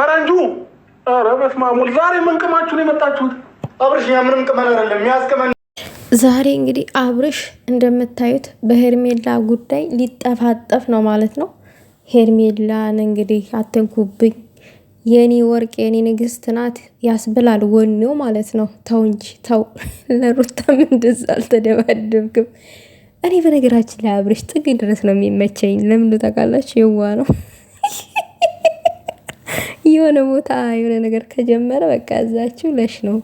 ፈረንጁ ኧረ በስመ አብ ዛሬ ምን ቅማችሁ ነው የመጣችሁት? አብርሽ ምንም ቅመን አይደለም ያስቅመን። ዛሬ እንግዲህ አብርሽ እንደምታዩት በሄርሜላ ጉዳይ ሊጠፋጠፍ ነው ማለት ነው። ሄርሜላን እንግዲህ አትንኩብኝ፣ የኔ ወርቅ፣ የኔ ንግስት ናት ያስብላል ወኔው ማለት ነው። ተው እንጂ ተው። ለሩታም እንደዛ አልተደባደብክም። እኔ በነገራችን ላይ አብርሽ ጥግ ድረስ ነው የሚመቸኝ። ለምንድን ታውቃላችሁ? የዋ ነው የሆነ ቦታ የሆነ ነገር ከጀመረ በቃ እዛችው ለሽ ነው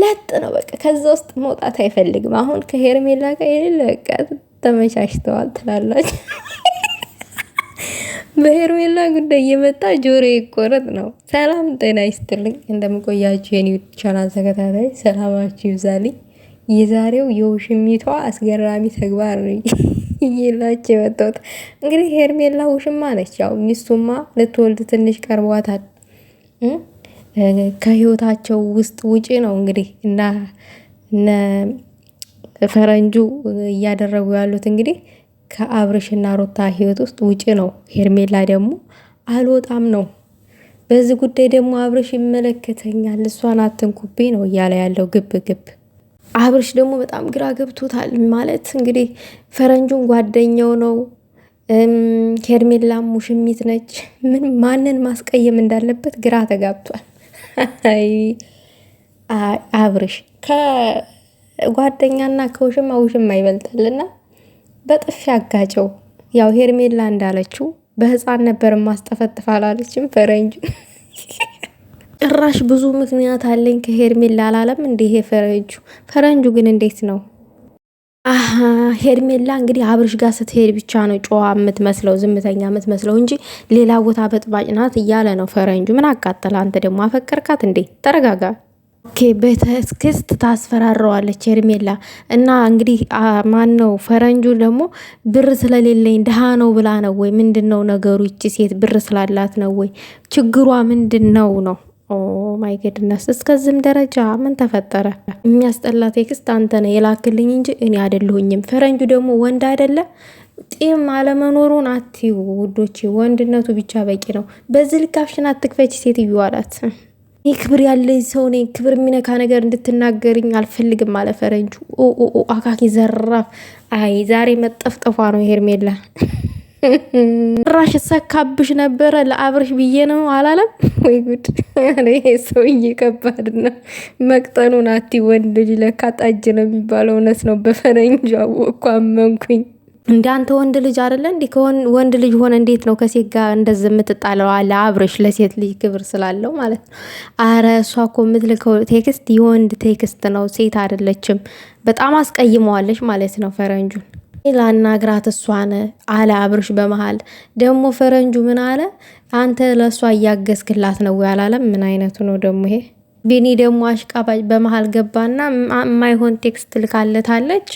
ለጥ ነው በቃ ከዛ ውስጥ መውጣት አይፈልግም። አሁን ከሄርሜላ ጋር የሌለ በቃ ተመቻችተዋል ትላላችሁ። በሄርሜላ ጉዳይ እየመጣ ጆሮ ይቆረጥ ነው። ሰላም ጤና ይስጥልኝ። እንደምቆያችሁ የኒው ቻናል ተከታታይ ሰላማችሁ ይብዛልኝ። የዛሬው የውሽሚቷ አስገራሚ ተግባር ነው ይላቸው የወጣሁት። እንግዲህ ሄርሜላ ውሽማ ነች። ያው ሚስቱማ ልትወልድ ትንሽ ቀርቧታል። ከህይወታቸው ውስጥ ውጪ ነው እንግዲህ እና ፈረንጁ እያደረጉ ያሉት እንግዲህ ከአብርሽና ሮታ ህይወት ውስጥ ውጪ ነው። ሄርሜላ ደግሞ አልወጣም ነው። በዚህ ጉዳይ ደግሞ አብርሽ ይመለከተኛል፣ እሷን አትንኩቤ ነው እያለ ያለው ግብ ግብ አብርሽ ደግሞ በጣም ግራ ገብቶታል። ማለት እንግዲህ ፈረንጁን ጓደኛው ነው፣ ሄርሜላም ሙሽሚት ነች። ምን ማንን ማስቀየም እንዳለበት ግራ ተጋብቷል። አብርሽ ከጓደኛና ከውሽማ ውሽማ ይበልጣልና በጥፊ አጋጨው። ያው ሄርሜላ እንዳለችው በህፃን ነበር ማስጠፈጥፋላለችም ፈረንጁ ጭራሽ ብዙ ምክንያት አለኝ ከሄርሜላ አላለም እንዴ? ፈረንጁ ፈረንጁ ግን እንዴት ነው? አሀ ሄርሜላ እንግዲህ አብርሽ ጋር ስትሄድ ብቻ ነው ጨዋ የምትመስለው ዝምተኛ የምትመስለው እንጂ ሌላ ቦታ በጥባጭ ናት እያለ ነው ፈረንጁ። ምን አቃጠለ? አንተ ደግሞ አፈቀርካት እንዴ? ተረጋጋ። ኦኬ በተክስት ታስፈራረዋለች ሄርሜላ እና እንግዲህ ማን ነው ፈረንጁ ደግሞ ብር ስለሌለኝ ድሃ ነው ብላ ነው ወይ ምንድን ነው ነገሩ? ይቺ ሴት ብር ስላላት ነው ወይ ችግሯ ምንድን ነው ነው ኦ ማይ ገድነስ እስከዚህም ደረጃ ምን ተፈጠረ? የሚያስጠላ ቴክስት አንተ ነህ የላክልኝ እንጂ እኔ አይደለሁኝም። ፈረንጁ ደግሞ ወንድ አይደለ? ጢም አለመኖሩን አትዩ ውዶች፣ ወንድነቱ ብቻ በቂ ነው። በዚህ ልክ አፍሽን አትክፈች ሴትዮ አላት። እኔ ክብር ያለኝ ሰው ነኝ፣ ክብር የሚነካ ነገር እንድትናገርኝ አልፈልግም አለ ፈረንጁ። ኦ አካኪ ዘራፍ! አይ ዛሬ መጠፍጠፏ ነው ሄርሜላ ራሽ ሰካብሽ ነበረ ለአብርሽ ብዬ ነው አላለም ወይ ጉድ! ይሄ ሰውዬ ከባድ ነው። መቅጠኑ ናቲ ወንድ ልጅ ለካ ጠጅ ነው የሚባለው። እውነት ነው። በፈረንጅ አወቅኩ አመንኩኝ። እንደ ወንድ ልጅ አይደለ እንዲ ወንድ ልጅ ሆነ እንዴት ነው ከሴት ጋር እንደዚ የምትጣለው? ለአብርሽ ለሴት ልጅ ክብር ስላለው ማለት ነው። አረ እሷ እኮ የምትልከው ቴክስት የወንድ ቴክስት ነው፣ ሴት አይደለችም። በጣም አስቀይመዋለች ማለት ነው ፈረንጁን ላናግራት እሷን አለ አብርሽ። በመሃል ደግሞ ፈረንጁ ምን አለ? አንተ ለእሷ እያገዝክላት ነው ያላለም። ምን አይነቱ ነው ደግሞ ይሄ? ቢኒ ደግሞ አሽቃባጭ በመሃል ገባና የማይሆን ቴክስት ልካለታለች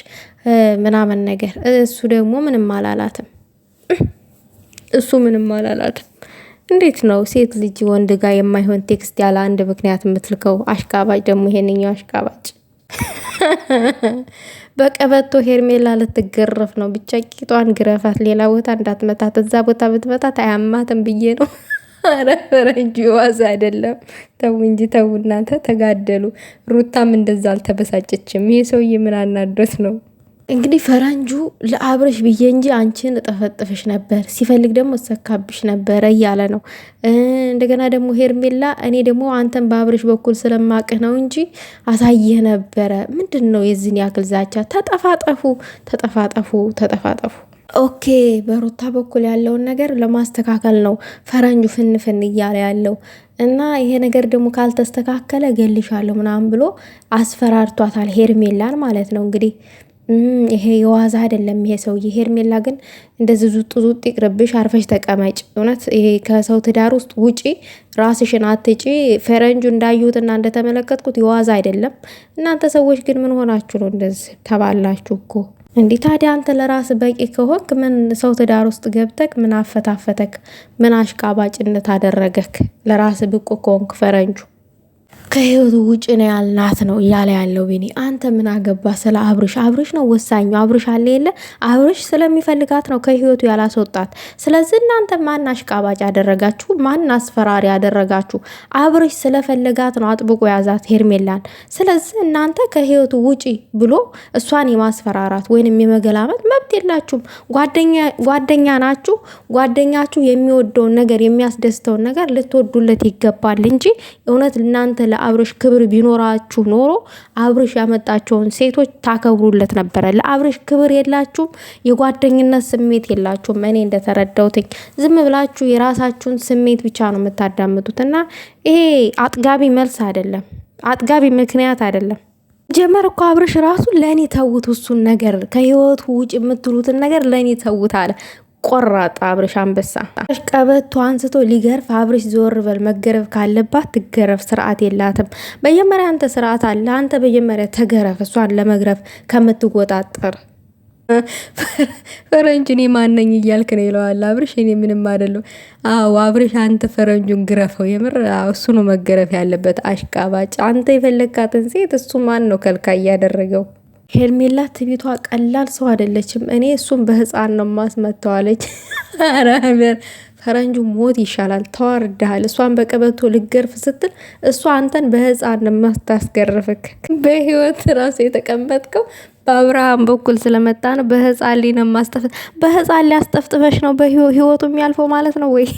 ምናምን ነገር። እሱ ደግሞ ምንም አላላትም። እሱ ምንም አላላትም። እንዴት ነው ሴት ልጅ ወንድ ጋር የማይሆን ቴክስት ያለ አንድ ምክንያት የምትልከው? አሽቃባጭ ደግሞ ይሄንኛው አሽቃባጭ በቀበቶ ሄርሜላ ልትገረፍ ነው። ብቻ ቂጧን ግረፋት፣ ሌላ ቦታ እንዳትመታት። እዛ ቦታ ብትመታት አያማትም ብዬ ነው። ኧረ ፈረንጅ ዋዝ አይደለም። ተው እንጂ ተው እናንተ ተጋደሉ። ሩታም እንደዛ አልተበሳጨችም። ይሄ ሰውዬ ምን አናዶት ነው? እንግዲህ ፈረንጁ ለአብረሽ ብዬ እንጂ አንቺን እጠፈጥፍሽ ነበር፣ ሲፈልግ ደግሞ እሰካብሽ ነበረ እያለ ነው። እንደገና ደግሞ ሄርሜላ፣ እኔ ደግሞ አንተን በአብረሽ በኩል ስለማቅህ ነው እንጂ አሳየህ ነበረ። ምንድን ነው የዚህን ያክል ዛቻ? ተጠፋጠፉ፣ ተጠፋጠፉ፣ ተጠፋጠፉ። ኦኬ፣ በሩታ በኩል ያለውን ነገር ለማስተካከል ነው ፈረንጁ ፍንፍን እያለ ያለው እና ይሄ ነገር ደግሞ ካልተስተካከለ ገልሻለሁ ምናምን ብሎ አስፈራርቷታል ሄርሜላን ማለት ነው እንግዲህ ይሄ የዋዛ አይደለም ይሄ ሰውዬ ሄርሜላ ግን እንደዚህ ዙጥ ዙጥ ይቅርብሽ አርፈሽ ተቀመጭ እውነት ይሄ ከሰው ትዳር ውስጥ ውጪ ራስሽን አትጪ ፈረንጁ እንዳዩትና እንደተመለከትኩት የዋዛ አይደለም እናንተ ሰዎች ግን ምን ሆናችሁ ነው እንደዚህ ተባላችሁ እኮ እንዲህ ታዲያ አንተ ለራስ በቂ ከሆንክ ምን ሰው ትዳር ውስጥ ገብተክ ምን አፈታፈተክ ምን አሽቃባጭነት አደረገክ ለራስ ብቁ ከሆንክ ፈረንጁ ከህይወቱ ውጭ ነው ያልናት ነው እያለ ያለው ቤኒ። አንተ ምን አገባ ስለ አብርሽ? አብርሽ ነው ወሳኙ። አብርሽ አለ የለ አብርሽ ስለሚፈልጋት ነው ከህይወቱ ያላስወጣት። ስለዚህ እናንተ ማን አሽቃባጭ ያደረጋችሁ? ማን አስፈራሪ ያደረጋችሁ? አብርሽ ስለፈለጋት ነው አጥብቆ ያዛት ሄርሜላን። ስለዚህ እናንተ ከህይወቱ ውጪ ብሎ እሷን የማስፈራራት ወይንም የመገላመጥ መብት የላችሁም። ጓደኛ ናችሁ። ጓደኛችሁ የሚወደውን ነገር የሚያስደስተውን ነገር ልትወዱለት ይገባል እንጂ እውነት እናንተ ለአብርሽ ክብር ቢኖራችሁ ኖሮ አብርሽ ያመጣቸውን ሴቶች ታከብሩለት ነበረ። ለአብርሽ ክብር የላችሁም፣ የጓደኝነት ስሜት የላችሁም። እኔ እንደተረዳውትኝ ዝም ብላችሁ የራሳችሁን ስሜት ብቻ ነው የምታዳምጡት እና ይሄ አጥጋቢ መልስ አይደለም፣ አጥጋቢ ምክንያት አይደለም። ጀመር እኮ አብርሽ ራሱ ለእኔ ተውት፣ እሱን ነገር ከህይወቱ ውጭ የምትሉትን ነገር ለእኔ ተውት አለ። ቆራጣ አብርሽ አንበሳ ቀበቶ አንስቶ ሊገርፍ አብርሽ ዞር በል መገረፍ ካለባት ትገረፍ ስርዓት የላትም በጀመሪያ አንተ ስርዓት አለ አንተ በጀመሪያ ተገረፍ እሷን ለመግረፍ ከምትወጣጠር ፈረንጅ እኔ ማነኝ እያልክ ነው ይለዋል አብርሽ እኔ ምንም አይደለሁ አዎ አብርሽ አንተ ፈረንጁን ግረፈው የምር እሱ ነው መገረፍ ያለበት አሽቃባጭ አንተ የፈለግካትን ሴት እሱ ማን ነው ከልካ እያደረገው ሄርሜላ ትቢቷ ቀላል ሰው አይደለችም። እኔ እሱም በህፃን ነው ማስመተዋለች። ረበር ፈረንጁ ሞት ይሻላል። ተዋርዳሃል። እሷን በቀበቶ ልገርፍ ስትል እሷ አንተን በህፃን ነው ማታስገርፍክ። በህይወት ራሱ የተቀመጥከው በአብርሃም በኩል ስለመጣ ነው። በህፃን ሊ ማስጠፍ በህፃን ሊ ነው በህይወቱ የሚያልፈው ማለት ነው ወይ?